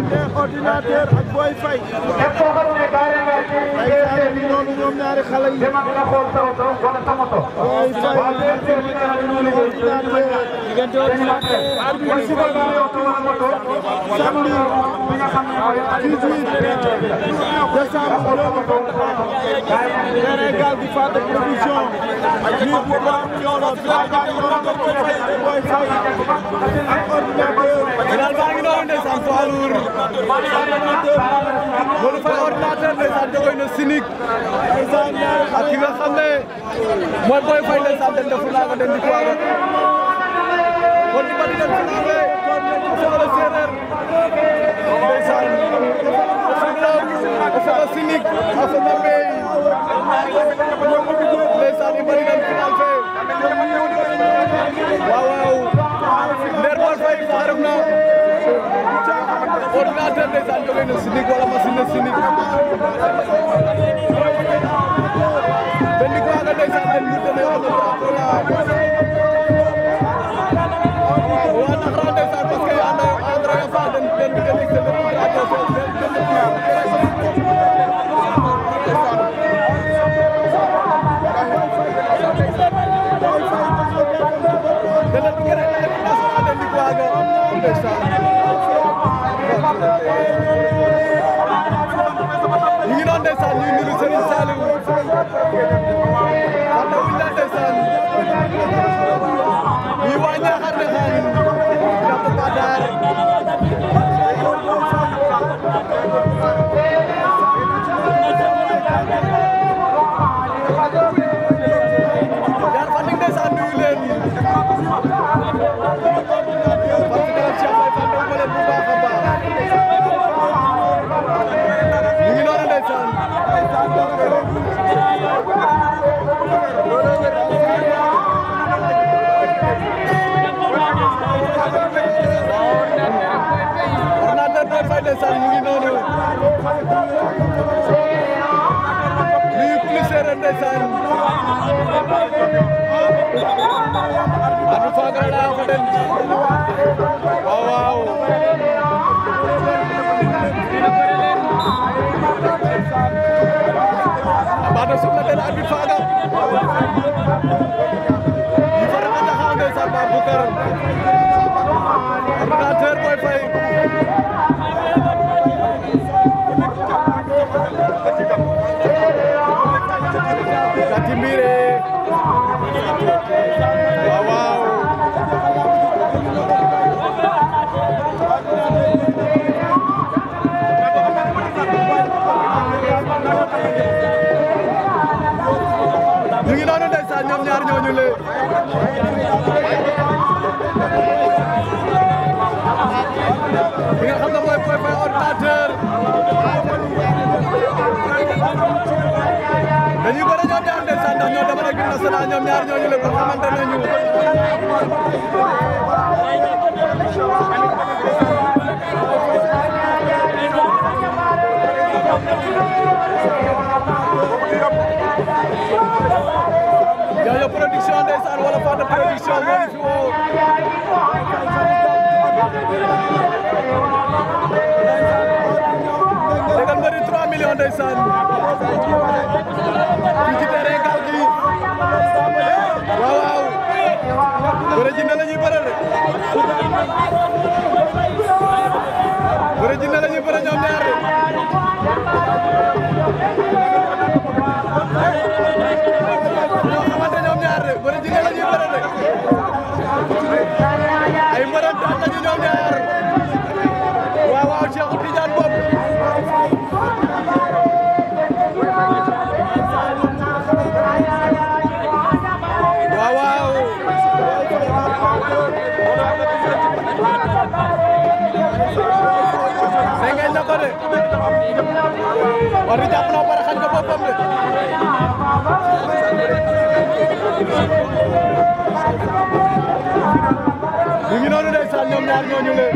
diggante ordinateur ak Boy Faye. képp koo xam ne carrément ci noonu ñoom ñaari xale yi. dem ak la xool sa oto wala sa moto. Boy Faye ordinateur diggante ordinateur ak Boy Faye. samedi 18 décembre Sénégal di Fatick production ak lii bu baax ñoo la Boy Faye ak ordinateur Sam Fallour Modou Faye ordinateur ndeysaan jógoy na sinig ndeysaan ak ki nga xam ne mooy Boy Faye ndeysaan den defu laaga den di tuwaga kon di badi den fulaaga kon ne ko soxla séeréer ndeysaan o soxla o soxla sinig a soxla mbey ndeysaan i badi den final fe waaw waaw ordinateur ndeysaan jógee na sinig wala machine na sinig te ndik waaga ndeysaan den ñu tene wala drapola waa naxra ndeysaan parce que anda andra ya fa den den ndiga ndik tene Thank you. Badar. Anu fagrada hotel. Wow wow. Bada sukla tel anu faga. Farah ada hal dari sama bukar. Kader boy boy. ci mbire waaw waaw ñu ngi noonu ndeysaan ñoom ñaar ñooñu le Yaya production ndeysaan wala Fata production moo fi woo tegal nga di 3 millions ndeysaan fii ci terrain nañu ñoom ñaar waaw waaw Cheikhou Tidiane Bob waaw waaw nengeen na ko war bi jàpp na bara xañ ko boppam de ñaar ñooñu le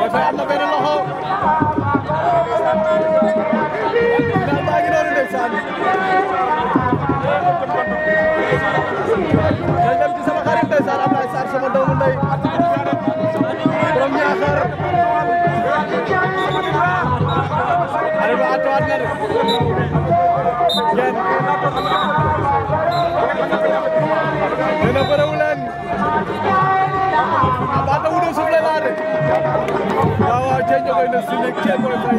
Wafa am na benn loxo da baa ngi noonu ndeysaan da dem ci sama xarit ndeysaan Ablaye Sarr sama doomu ndey borom ñaaxar ale ba atuwaat na de Gën a bëre wu leen Pathé Woudo na de waaw waaw Dieng jógee na si nekk Dieng mooy fay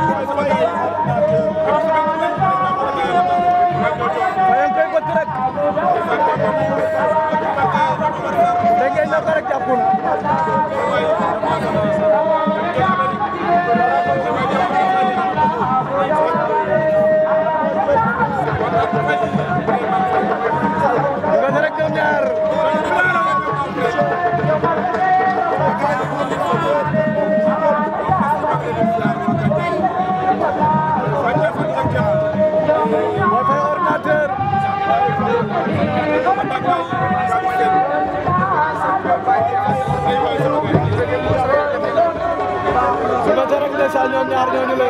saa ñoom ñaar ñooñu la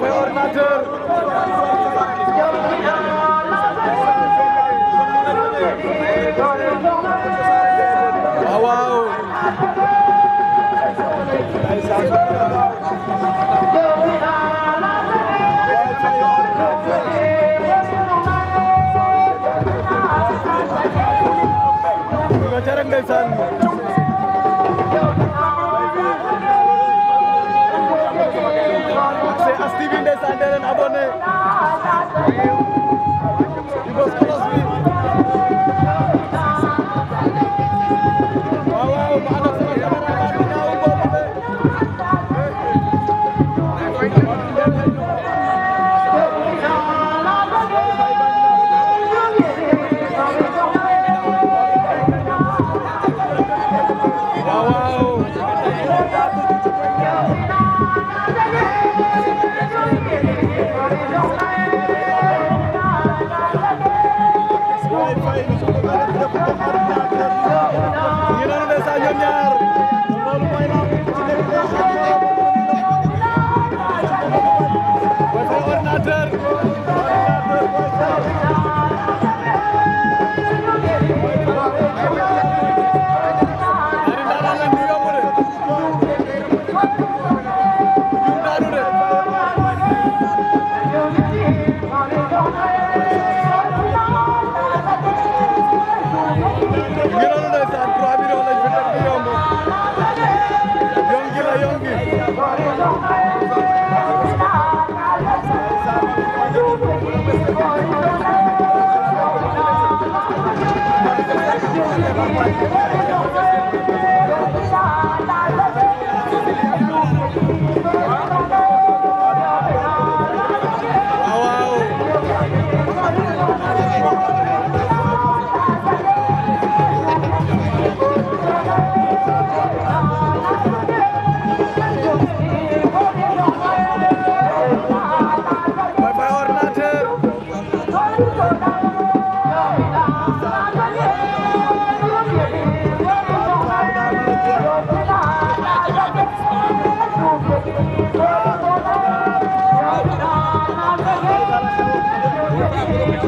mooy ordinateur waaw waaw ay saa ndeysaan c'est As TV ndeysaan dee leen abonné Thank you.